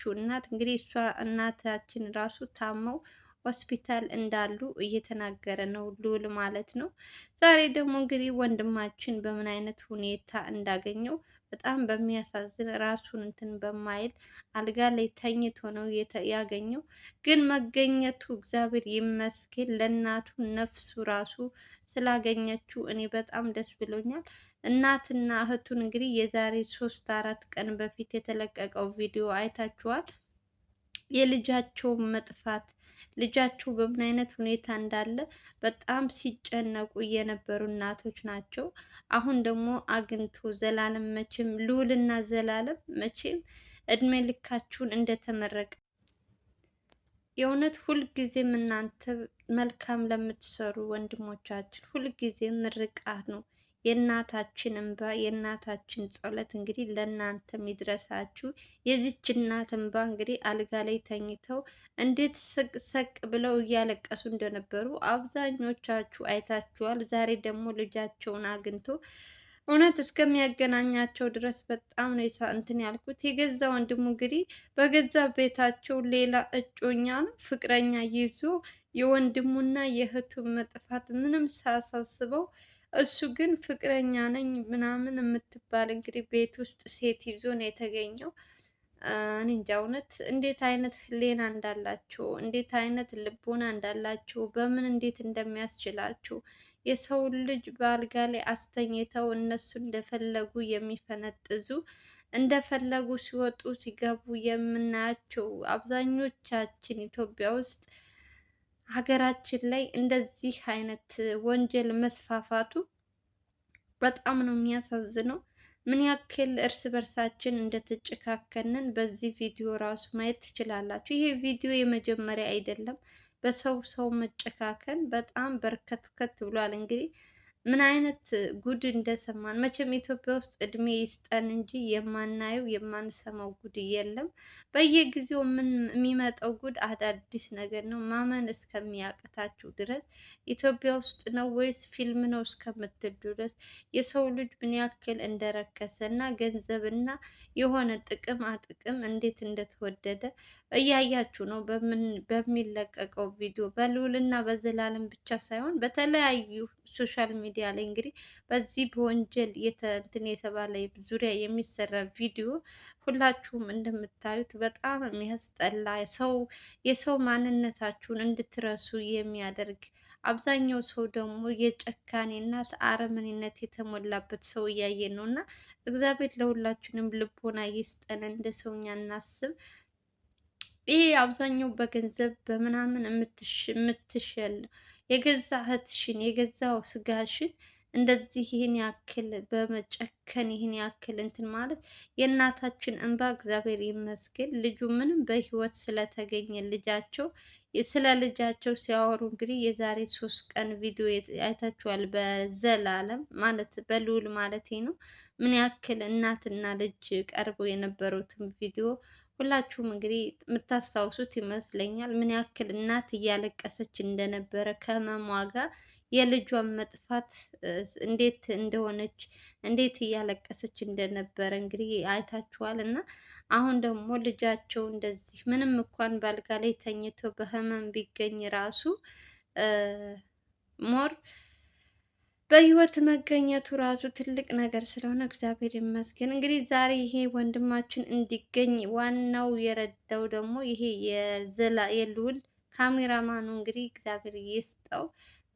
ያለችው እናት እንግዲህ እሷ እናታችን ራሱ ታመው ሆስፒታል እንዳሉ እየተናገረ ነው ልዑል ማለት ነው። ዛሬ ደግሞ እንግዲህ ወንድማችን በምን አይነት ሁኔታ እንዳገኘው በጣም በሚያሳዝን ራሱን እንትን በማይል አልጋ ላይ ተኝቶ ነው ያገኘው። ግን መገኘቱ እግዚአብሔር ይመስገን። ለእናቱ ነፍሱ ራሱ ስላገኘችው እኔ በጣም ደስ ብሎኛል። እናትና እህቱን እንግዲህ የዛሬ ሶስት አራት ቀን በፊት የተለቀቀው ቪዲዮ አይታችኋል። የልጃቸው መጥፋት ልጃቸው በምን አይነት ሁኔታ እንዳለ በጣም ሲጨነቁ የነበሩ እናቶች ናቸው። አሁን ደግሞ አግኝቶ ዘላለም መቼም ልዑልና ዘላለም መቼም እድሜ ልካችሁን እንደተመረቀ የእውነት ሁልጊዜም እናንተ መልካም ለምትሰሩ ወንድሞቻችን ሁልጊዜም ምርቃት ነው። የእናታችን እንባ የእናታችን ጸሎት እንግዲህ ለእናንተም ይድረሳችሁ። የዚች እናት እንባ እንግዲህ አልጋ ላይ ተኝተው እንዴት ስቅ ሰቅ ብለው እያለቀሱ እንደነበሩ አብዛኞቻችሁ አይታችኋል። ዛሬ ደግሞ ልጃቸውን አግኝቶ እውነት እስከሚያገናኛቸው ድረስ በጣም ነው እንትን ያልኩት። የገዛ ወንድሙ እንግዲህ በገዛ ቤታቸው ሌላ እጮኛ ነው ፍቅረኛ ይዞ የወንድሙና የእህቱ መጥፋት ምንም ሳያሳስበው እሱ ግን ፍቅረኛ ነኝ ምናምን የምትባል እንግዲህ ቤት ውስጥ ሴት ይዞ ነው የተገኘው። እኔ እንጃ እውነት እንዴት አይነት ሕሊና እንዳላችሁ፣ እንዴት አይነት ልቦና እንዳላችሁ፣ በምን እንዴት እንደሚያስችላችሁ የሰው ልጅ በአልጋ ላይ አስተኝተው እነሱ እንደፈለጉ የሚፈነጥዙ እንደፈለጉ ሲወጡ ሲገቡ የምናያቸው አብዛኞቻችን ኢትዮጵያ ውስጥ ሀገራችን ላይ እንደዚህ አይነት ወንጀል መስፋፋቱ በጣም ነው የሚያሳዝነው። ምን ያክል እርስ በርሳችን እንደተጨካከንን በዚህ ቪዲዮ ራሱ ማየት ትችላላችሁ። ይሄ ቪዲዮ የመጀመሪያ አይደለም። በሰው ሰው መጨካከን በጣም በርከትከት ብሏል እንግዲህ ምን አይነት ጉድ እንደሰማን መቼም ኢትዮጵያ ውስጥ እድሜ ይስጠን እንጂ የማናየው የማንሰማው ጉድ የለም። በየጊዜው ምን የሚመጣው ጉድ አዳዲስ ነገር ነው። ማመን እስከሚያቅታችሁ ድረስ ኢትዮጵያ ውስጥ ነው ወይስ ፊልም ነው እስከምትል ድረስ የሰው ልጅ ምን ያክል እንደረከሰ እና ገንዘብ እና የሆነ ጥቅም አጥቅም እንዴት እንደተወደደ እያያችሁ ነው በሚለቀቀው ቪዲዮ በልዑልና በዘላለም ብቻ ሳይሆን በተለያዩ ሶሻል ሚዲያ ላይ እንግዲህ በዚህ በወንጀል እንትን የተባለ ዙሪያ የሚሰራ ቪዲዮ ሁላችሁም እንደምታዩት በጣም የሚያስጠላ ሰው የሰው ማንነታችሁን እንድትረሱ የሚያደርግ አብዛኛው ሰው ደግሞ የጨካኔና አረመኔነት የተሞላበት ሰው እያየ ነው እና እግዚአብሔር ለሁላችንም ልቦና ይስጠን፣ እንደ ሰውኛ እናስብ። ይህ አብዛኛው በገንዘብ በምናምን የምትሸል የገዛ እህትሽን የገዛው ስጋሽን እንደዚህ ይህን ያክል በመጨከን ይህን ያክል እንትን ማለት የእናታችን እንባ እግዚአብሔር ይመስገን። ልጁ ምንም በህይወት ስለተገኘ ልጃቸው ስለ ልጃቸው ሲያወሩ እንግዲህ የዛሬ ሶስት ቀን ቪዲዮ አይታችኋል። በዘላለም ማለት በልዑል ማለት ነው። ምን ያክል እናትና ልጅ ቀርበው የነበሩትን ቪዲዮ ሁላችሁም እንግዲህ የምታስታውሱት ይመስለኛል። ምን ያክል እናት እያለቀሰች እንደነበረ ከህመሟ ጋር የልጇን መጥፋት እንዴት እንደሆነች እንዴት እያለቀሰች እንደነበረ እንግዲህ አይታችኋል። እና አሁን ደግሞ ልጃቸው እንደዚህ ምንም እንኳን ባልጋ ላይ ተኝቶ በህመም ቢገኝ ራሱ ሞር በህይወት መገኘቱ ራሱ ትልቅ ነገር ስለሆነ እግዚአብሔር ይመስገን። እንግዲህ ዛሬ ይሄ ወንድማችን እንዲገኝ ዋናው የረዳው ደግሞ ይሄ የዘላ የልውል ካሜራማኑ እንግዲህ እግዚአብሔር ይስጠው።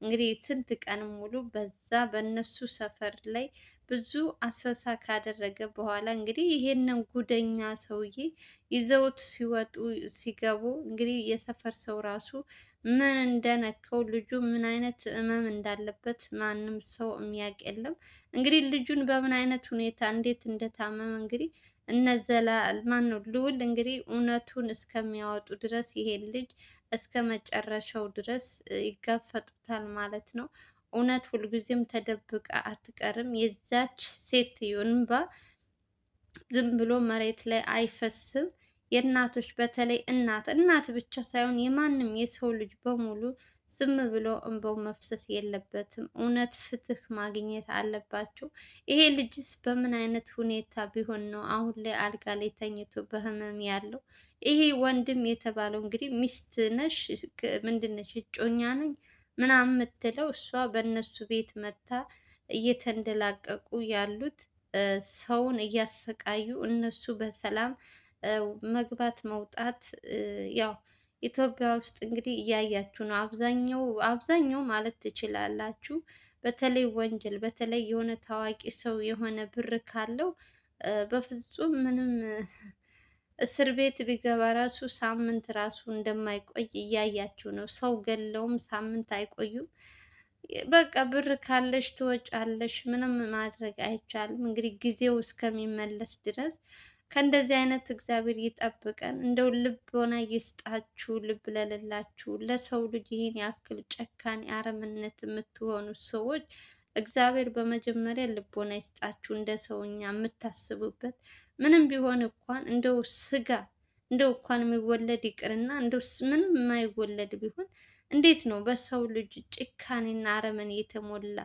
እንግዲህ ስንት ቀን ሙሉ በዛ በእነሱ ሰፈር ላይ ብዙ አሰሳ ካደረገ በኋላ እንግዲህ ይሄንን ጉደኛ ሰውዬ ይዘውት ሲወጡ ሲገቡ እንግዲህ የሰፈር ሰው ራሱ ምን እንደነከው ልጁ ምን አይነት እመም እንዳለበት ማንም ሰው የሚያውቅ የለም። እንግዲህ ልጁን በምን አይነት ሁኔታ እንዴት እንደታመመ እንግዲህ እነዘላ ማን ነው ልዑል እንግዲህ እውነቱን እስከሚያወጡ ድረስ ይሄን ልጅ እስከ መጨረሻው ድረስ ይጋፈጡታል ማለት ነው። እውነት ሁልጊዜም ተደብቃ አትቀርም። የዛች ሴትዮ እንባ ዝም ብሎ መሬት ላይ አይፈስም። የእናቶች በተለይ እናት እናት ብቻ ሳይሆን የማንም የሰው ልጅ በሙሉ ዝም ብሎ እንባው መፍሰስ የለበትም። እውነት ፍትህ ማግኘት አለባቸው። ይሄ ልጅስ በምን አይነት ሁኔታ ቢሆን ነው አሁን ላይ አልጋ ላይ ተኝቶ በህመም ያለው? ይሄ ወንድም የተባለው እንግዲህ ሚስት ነሽ ምንድን ነሽ እጮኛ ነኝ ምናምን የምትለው እሷ በእነሱ ቤት መታ እየተንደላቀቁ ያሉት ሰውን እያሰቃዩ እነሱ በሰላም መግባት መውጣት ያው ኢትዮጵያ ውስጥ እንግዲህ እያያችሁ ነው። አብዛኛው አብዛኛው ማለት ትችላላችሁ። በተለይ ወንጀል በተለይ የሆነ ታዋቂ ሰው የሆነ ብር ካለው በፍጹም ምንም እስር ቤት ቢገባ ራሱ ሳምንት ራሱ እንደማይቆይ እያያችሁ ነው። ሰው ገለውም ሳምንት አይቆዩም። በቃ ብር ካለሽ ትወጫለሽ። ምንም ማድረግ አይቻልም። እንግዲህ ጊዜው እስከሚመለስ ድረስ ከእንደዚህ አይነት እግዚአብሔር ይጠብቀን። እንደው ልብ ሆነ ይስጣችሁ፣ ልብ ለሌላችሁ ለሰው ልጅ ይህን ያክል ጨካኔ አረምነት የምትሆኑ ሰዎች እግዚአብሔር በመጀመሪያ ልቦና ይስጣችሁ። እንደ ሰውኛ የምታስቡበት ምንም ቢሆን እንኳን እንደው ስጋ እንደው እንኳን የሚወለድ ይቅርና እንደው ምንም የማይወለድ ቢሆን እንዴት ነው በሰው ልጅ ጭካኔና አረመኔ የተሞላ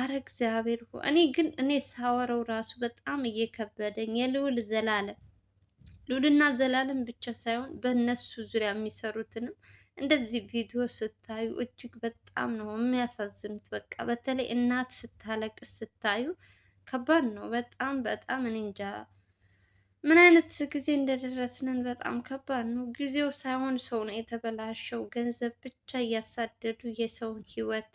አረ እግዚአብሔር እኔ ግን እኔ ሳወረው ራሱ በጣም እየከበደኝ የልዑል ዘላለም ልዑልና ዘላለም ብቻ ሳይሆን በእነሱ ዙሪያ የሚሰሩትንም እንደዚህ ቪዲዮ ስታዩ እጅግ በጣም ነው የሚያሳዝኑት። በቃ በተለይ እናት ስታለቅስ ስታዩ ከባድ ነው። በጣም በጣም እኔ እንጃ ምን አይነት ጊዜ እንደደረስንን በጣም ከባድ ነው። ጊዜው ሳይሆን ሰው ነው የተበላሸው። ገንዘብ ብቻ እያሳደዱ የሰውን ህይወት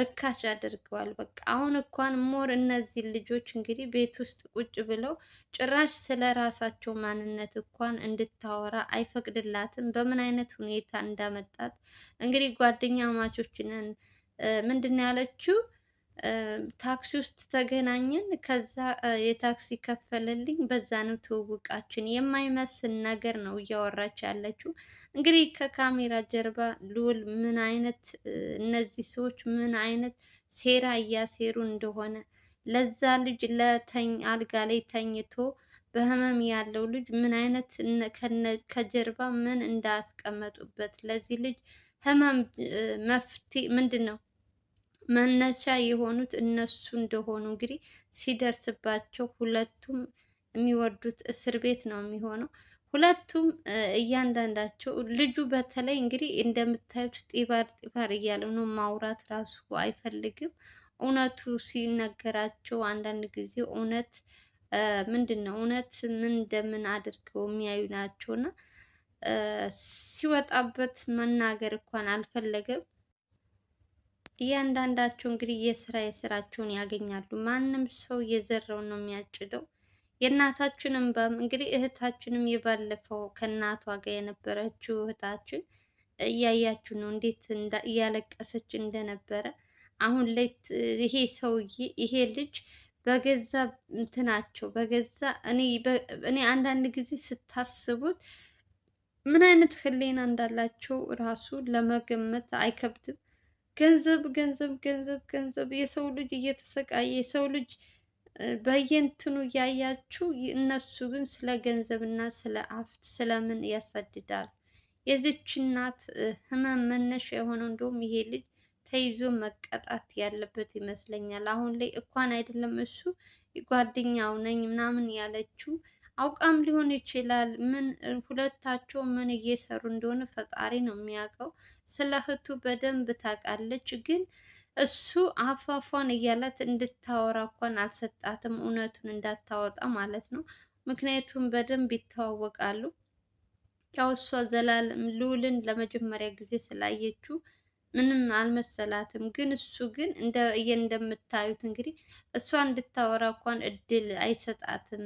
ርካሽ አድርገዋል። በቃ አሁን እንኳን ሞር እነዚህ ልጆች እንግዲህ ቤት ውስጥ ቁጭ ብለው ጭራሽ ስለ ራሳቸው ማንነት እንኳን እንድታወራ አይፈቅድላትም። በምን አይነት ሁኔታ እንዳመጣት እንግዲህ ጓደኛ ማቾች ምንድን ነው ያለችው? ታክሲ ውስጥ ተገናኘን። ከዛ የታክሲ ከፈለልኝ፣ በዛ ነው ትውውቃችን። የማይመስል ነገር ነው እያወራች ያለችው። እንግዲህ ከካሜራ ጀርባ ልዑል ምን አይነት እነዚህ ሰዎች ምን አይነት ሴራ እያሴሩ እንደሆነ ለዛ ልጅ ለተኝ አልጋ ላይ ተኝቶ በህመም ያለው ልጅ ምን አይነት ከጀርባ ምን እንዳስቀመጡበት ለዚህ ልጅ ህመም መፍትሄ ምንድን ነው መነሻ የሆኑት እነሱ እንደሆኑ እንግዲህ ሲደርስባቸው ሁለቱም የሚወርዱት እስር ቤት ነው የሚሆነው። ሁለቱም እያንዳንዳቸው ልጁ በተለይ እንግዲህ እንደምታዩት ጢባር ጢባር እያለ ነው። ማውራት ራሱ አይፈልግም። እውነቱ ሲነገራቸው አንዳንድ ጊዜ እውነት ምንድን ነው እውነት ምን እንደምን አድርገው የሚያዩ ናቸው እና ሲወጣበት መናገር እንኳን አልፈለገም። እያንዳንዳቸው እንግዲህ የስራ የስራቸውን ያገኛሉ። ማንም ሰው የዘራውን ነው የሚያጭደው። የእናታችንም እንግዲህ እህታችንም የባለፈው ከእናቷ ጋር የነበረችው እህታችን እያያችሁ ነው እንዴት እያለቀሰች እንደነበረ። አሁን ላይ ይሄ ሰውዬ ይሄ ልጅ በገዛ እንትናቸው በገዛ እኔ አንዳንድ ጊዜ ስታስቡት ምን አይነት ህሊና እንዳላቸው ራሱ ለመገመት አይከብድም። ገንዘብ ገንዘብ ገንዘብ ገንዘብ የሰው ልጅ እየተሰቃየ የሰው ልጅ በየእንትኑ እያያችሁ፣ እነሱ ግን ስለ ገንዘብ እና ስለ አፍት ስለምን ያሳድዳል። የዚች እናት ህመም መነሻ የሆነው እንደውም ይሄ ልጅ ተይዞ መቀጣት ያለበት ይመስለኛል። አሁን ላይ እንኳን አይደለም እሱ ጓደኛው ነኝ ምናምን ያለችው አውቃም ሊሆን ይችላል። ምን ሁለታቸው ምን እየሰሩ እንደሆነ ፈጣሪ ነው የሚያውቀው። ስለ እህቱ በደንብ ታውቃለች፣ ግን እሱ አፏፏን እያላት እንድታወራ እንኳን አልሰጣትም፣ እውነቱን እንዳታወጣ ማለት ነው። ምክንያቱም በደንብ ይተዋወቃሉ። ያው እሷ ዘላለም ልዑልን ለመጀመሪያ ጊዜ ስላየችው ምንም አልመሰላትም። ግን እሱ ግን እንደምታዩት እንግዲህ እሷ እንድታወራ እንኳን እድል አይሰጣትም።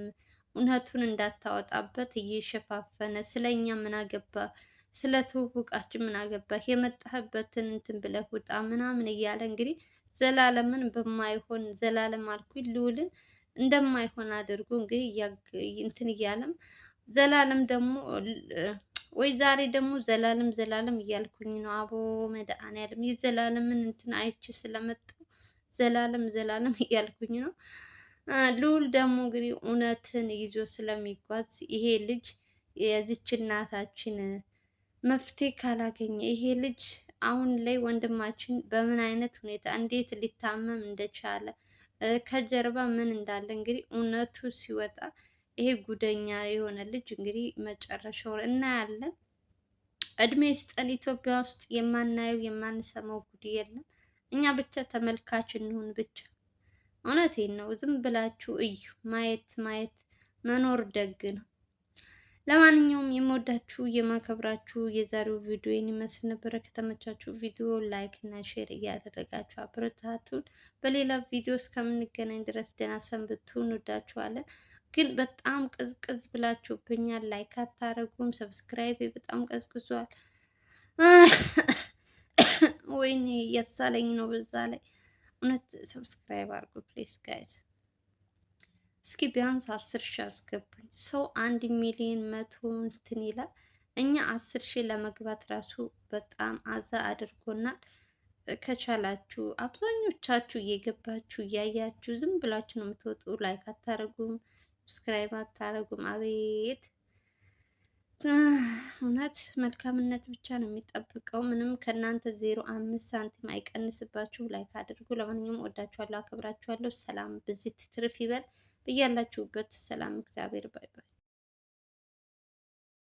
እውነቱን እንዳታወጣበት እየሸፋፈነ ስለ እኛ ምን አገባ፣ ስለ ትውውቃችን ምን አገባ፣ የመጣህበትን እንትን ብለህ ውጣ ምናምን እያለ እንግዲህ ዘላለምን በማይሆን ዘላለም አልኩኝ ልውልን እንደማይሆን አድርጎ እንግዲህ እንትን እያለም ዘላለም ደግሞ ወይ ዛሬ ደግሞ ዘላለም ዘላለም እያልኩኝ ነው። አቦ መድኃኒዓለም የዘላለምን እንትን አይቼ ስለመጣሁ ዘላለም ዘላለም እያልኩኝ ነው። ልዑል ደግሞ እንግዲህ እውነትን ይዞ ስለሚጓዝ ይሄ ልጅ የዚች እናታችን መፍትሄ ካላገኘ ይሄ ልጅ አሁን ላይ ወንድማችን በምን አይነት ሁኔታ እንዴት ሊታመም እንደቻለ ከጀርባ ምን እንዳለ እንግዲህ እውነቱ ሲወጣ ይሄ ጉደኛ የሆነ ልጅ እንግዲህ መጨረሻው እናያለን። እድሜ ስጠን። ኢትዮጵያ ውስጥ የማናየው የማንሰማው ጉድ የለም። እኛ ብቻ ተመልካች እንሆን ብቻ። እውነቴን ነው። ዝም ብላችሁ እዩ። ማየት ማየት መኖር ደግ ነው። ለማንኛውም የምወዳችሁ የማከብራችሁ የዛሬው ቪዲዮ ይመስል ነበረ። ከተመቻችሁ ቪዲዮ ላይክ እና ሼር እያደረጋችሁ አበረታቱን። በሌላ ቪዲዮ እስከምንገናኝ ድረስ ደህና ሰንብቱ። እንወዳችኋለን። ግን በጣም ቅዝቅዝ ብላችሁብኛል። ላይክ አታረጉም። ሰብስክራይብ በጣም ቀዝቅዟል። ወይኔ እያሳለኝ ነው በዛ ላይ እውነት ሰብስክራይብ አድርጉ ፕሌስ ጋይዝ። እስኪ ቢያንስ አስር ሺህ አስገቡኝ። ሰው አንድ ሚሊዮን መቶ እንትን ይላል። እኛ አስር ሺህ ለመግባት ራሱ በጣም አዛ አድርጎናል። ከቻላችሁ አብዛኞቻችሁ እየገባችሁ እያያችሁ ዝም ብላችሁ ነው የምትወጡ። ላይክ አታደርጉም፣ ሰብስክራይብ አታደርጉም። አቤት እውነት መልካምነት ብቻ ነው የሚጠብቀው። ምንም ከእናንተ ዜሮ አምስት ሳንቲም አይቀንስባችሁ። ላይክ አድርጉ። ለማንኛውም ወዳችኋለሁ፣ አከብራችኋለሁ። ሰላም ብዚት ትርፍ ይበል ብያላችሁበት። ሰላም እግዚአብሔር ባይባል